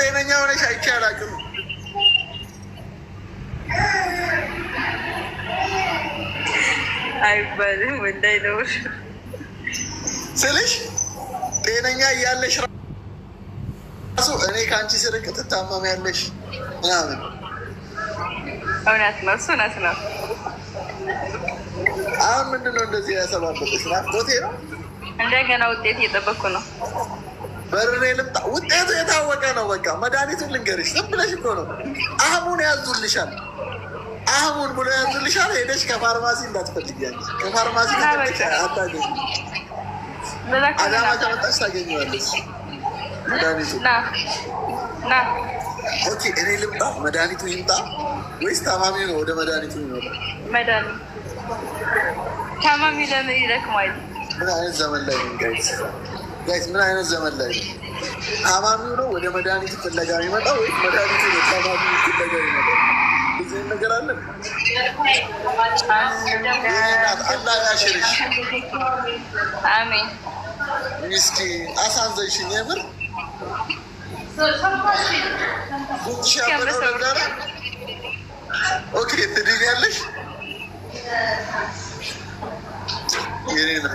ጤነኛ ሆነሽ አይቼ አላውቅም። አይባልም እንዳይለውሽ ስልሽ ጤነኛ እያለሽ ራሱ እኔ ከአንቺ ስርቅ ትታመም ያለሽ ምናምን። እውነት ነው፣ እሱ እውነት ነው። አሁን ምንድን ነው እንደዚህ ያሰባበጠሽ? ናፍቆቴ ነው። እንደገና ውጤት እየጠበኩ ነው። በርሬ ልምጣ። ውጤቱ የታወቀ ነው። በቃ መድኃኒቱን ልንገርሽ፣ ዝም ብለሽ እኮ ነው። አህሙን ያዙልሻል፣ አህሙን ብሎ ያዙልሻል። ሄደሽ ከፋርማሲ እንዳትፈልጊያለሽ። ከፋርማሲ አታገኝ፣ አዳማ ከመጣሽ ታገኘዋለሽ። ኦኬ፣ እኔ ልምጣ፣ መድኃኒቱ ይምጣ ወይስ ታማሚ ነው ወደ መድኃኒቱ ይመጣ? ታማሚ ለምን ይደክማል? ምን አይነት ዘመን ላይ ጋይስ ምን አይነት ዘመን ላይ ነው? ታማሚው ነው ወደ መድኃኒቱ ፍለጋ የሚመጣው ወይ መድኃኒቱ ወደ ታማሚው ፍለጋ የሚመጣው? እዚህ ነገር አለ። አላህ ያሽርሽ። አሜን። እስኪ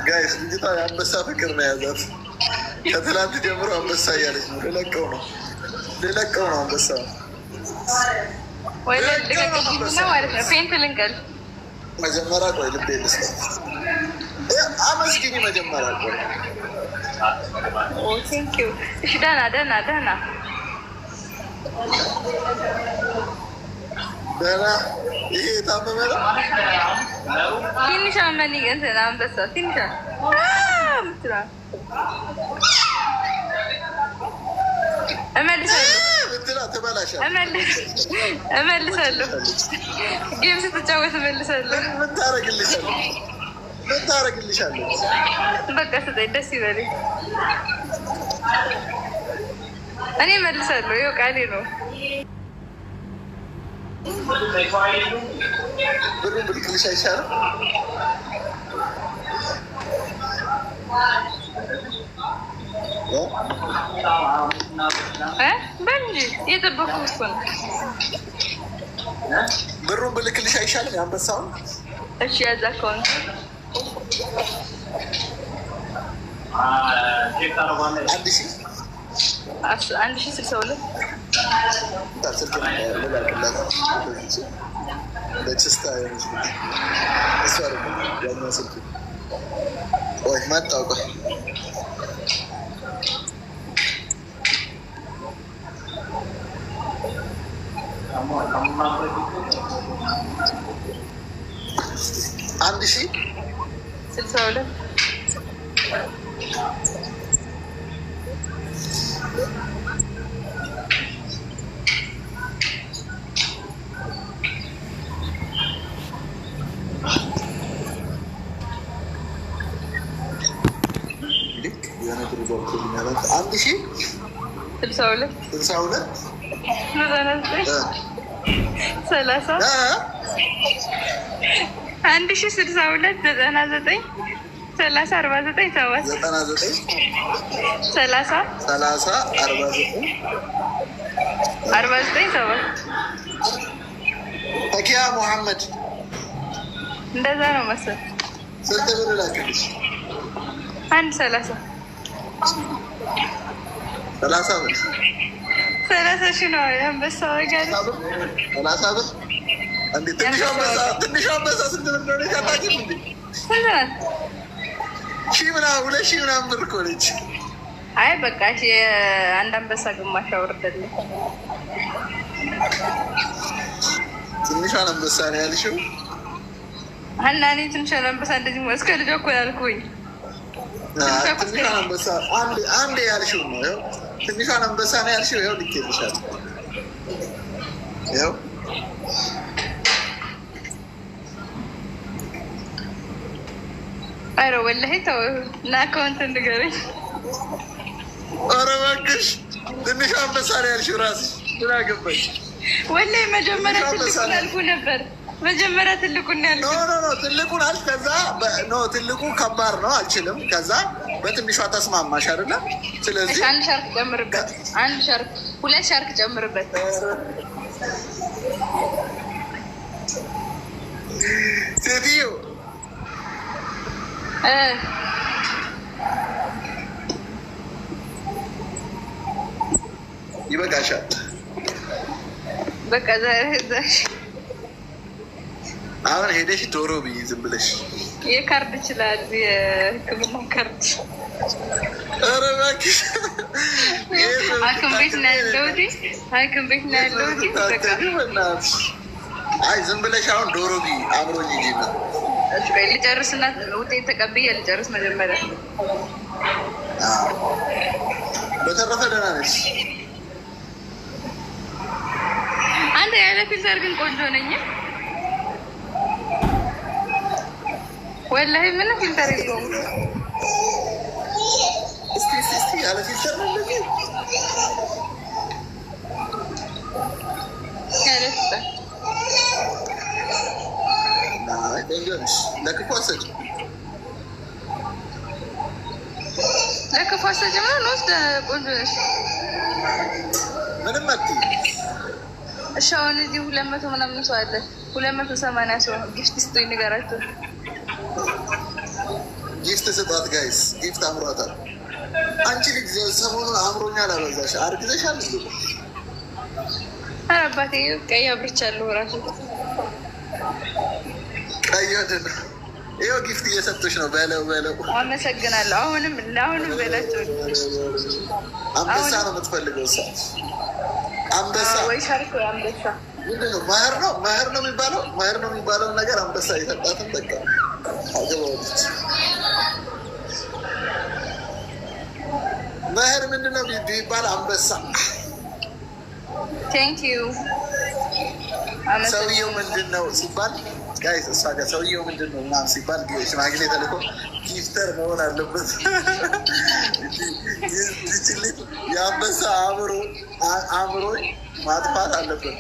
ጋይስ ልጅቷ የአንበሳ ፍቅር ነው ያዛት። ከትላንት ጀምሮ አንበሳ እያለች ነው። ልለቀው ነው ልለቀው ነው አንበሳ መጀመሪያ ቆይ ልቤ ልስ አመስግኝ። መጀመሪያ ቆይ እሺ፣ ደህና ደህና ደህና ደህና። ይሄ የታመመ ነው ትንሽ አንበሳ ትንሽ እመልሳለሁ። ስትጫወት እመልሳለሁ። ታረግልሻለች። በቃ ስጠኝ፣ ደስ ይበለኝ። እኔ እመልሳለሁ። ይኸው ቃሌ ነው። ብሩን ብልክልሽ አይሻልም? በል ብሩን ብልክልሽ አይሻልም? ያንበሳውን እሺ፣ ያዛ ከሆነ አንድ ሺህ ስልሳ ሁለት ስልክ አንድ ሺ ስልሳ ሁለት አንድ ሺ ስልሳ ሁለት ስልሳ ሁለት ሰላሳ አንድ ሺ ስልሳ ሁለት ዘጠና ዘጠኝ ሰላሳ አርባ ዘጠኝ ሰባት ዘጠና ዘጠኝ ሰላሳ ሰላሳ አርባ ዘጠኝ አርባ ዘጠኝ ሰባት ተኪያ ሙሐመድ እንደዛ ነው መሰል። ስንት ብር ላከልሽ? አንድ ሰላሳ ሰላሳ ብር ሰላሳሽ ነው አንበሳ ዋጋ ሰላሳ ብር እንዴ! ትንሽ አንበሳ ትንሽ አንበሳ ስንት ብር እንደሆነ ታውቂም እንዴ? ሺህ ምናምን ሁለት ሺህ ምናምን ብር እኮ ነች። አይ በቃ አንድ አንበሳ ግማሽ አውርደልኝ። ትንሿን አንበሳ ነው ያልሽው? እና እኔ ትንሿን አንበሳ እንደዚህ እስከ ልጇ እኮ ያልኩኝ አንዴ ያልሽው ነው ትንሿን አንበሳ ነው ያልሽው። ይኸው ልክ ይኸው ኧረ ወላሂ ተው እና ከሆንተ ንገረኝ። ኧረ እባክሽ ትንሿ አንበሳ ነው ያልሽው እራስሽ ምን አገባሽ? ወላሂ መጀመሪያ ትልቁን ያልኩህ ነበር። መጀመሪያ ትልቁን ያልኩህ ኖ ኖ ኖ ትልቁን አልሽ። ከዛ ኖ ትልቁ ከባድ ነው አልችልም። ከዛ በትንሿ ተስማማሽ አይደለ? ስለዚህ አንድ ሻርክ ጨምርበት፣ አንድ ሻርክ፣ ሁለት ሻርክ ጨምርበት። ሴትዮ ይበቃሻል፣ በቃ አሁን ሄደሽ ዶሮ ብይ ዝም ብለሽ የካርድ ይችላል የህክምና ካርድ ኧረ እባክሽ ሐኪም ቤት ነው ያለው ሐኪም ቤት ነው ያለው። አይ ዝም ብለሽ አሁን ዶሮ ብይ አብሮ ይ ልጨርስና ውጤት ተቀብዬ ልጨርስ መጀመሪያ። በተረፈ ደህና ነሽ። አንድ ያለ ፊልተር ግን ቆንጆ ነኝ። ወላሂ ምንም ፊልተር የለውም። ያለ ለክፉ አሰጭ ምናምን ወስደ ቆንጆ ነሽ። ምንም አትይም። እሺ አሁን እዚህ ሁለት መቶ ምናምን ሰው አለ። ሁለት መቶ ሰማንያ ሰው ጊፍት ስጡኝ ንገራቸው ጊፍት ስጧት ጋይስ፣ ጊፍት አምሯታል። አንቺ ልጅ ሰሞኑን አምሮኛል አበዛሽ አርግዘሻል። ኧረ አባቴ ቀይ አብርቻለሁ እራሱ ቀይ ወደነ ይኸው ጊፍት እየሰጡሽ ነው። በለው በለው። አመሰግናለሁ። አሁንም አሁንም በላቸው። አንበሳ ነው የምትፈልገው ሰዓት አንበሳ ወይ ሻርክ ወይ አንበሳ ምንድን ነው መህር ነው መህር ነው የሚባለው መህር ነው የሚባለው ነገር አንበሳ የሰጣትን በቃ አገባዋለች። መህር ምንድን ነው ቢባል አንበሳ። ሰውየው ምንድን ነው ሲባል ጋይስ እሷ ጋር ሰውየው ምንድን ነው ምናምን ሲባል ሽማግሌ ተልኮ ጊፍተር መሆን አለበት። የአንበሳ አእምሮ አእምሮ ማጥፋት አለበት።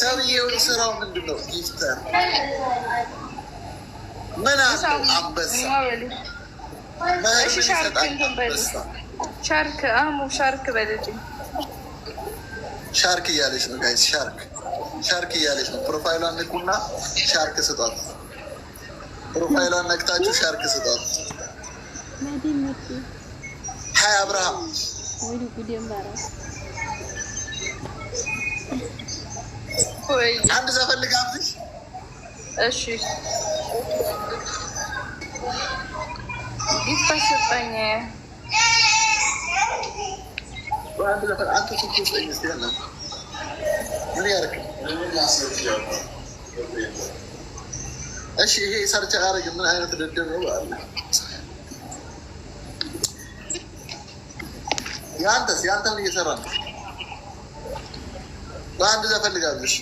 ሰውዬው ስራው ምንድን ነው? ይፍጠር ምን አለው? አንበሳ ሻርክ አሙ ሻርክ በልልኝ። ሻርክ እያለች ነው ጋይስ፣ ሻርክ ሻርክ እያለች ነው። ፕሮፋይሏን ንቁና ሻርክ ስጧት። ፕሮፋይሏን ነቅታችሁ ሻርክ ስጧት። ሀይ አብርሃም አንድ ዘፈን ልጋብዝሽ። እሺ ይፈስጠኝ አንድ ዘፈን አንተ እሺ ይሄ ሰርች አረግ ምን አይነት ድድብ ነው አለ። ያንተስ ያንተ እየሰራ ነው? በአንድ ዘፈልጋለሽ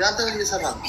ያንተ እየሰራ ነው